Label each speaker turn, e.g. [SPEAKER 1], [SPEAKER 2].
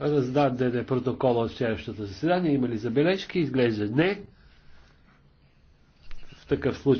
[SPEAKER 1] раздадене протокола от вчерашното заседание. Има ли забележки? Изглежда не. В такъв случай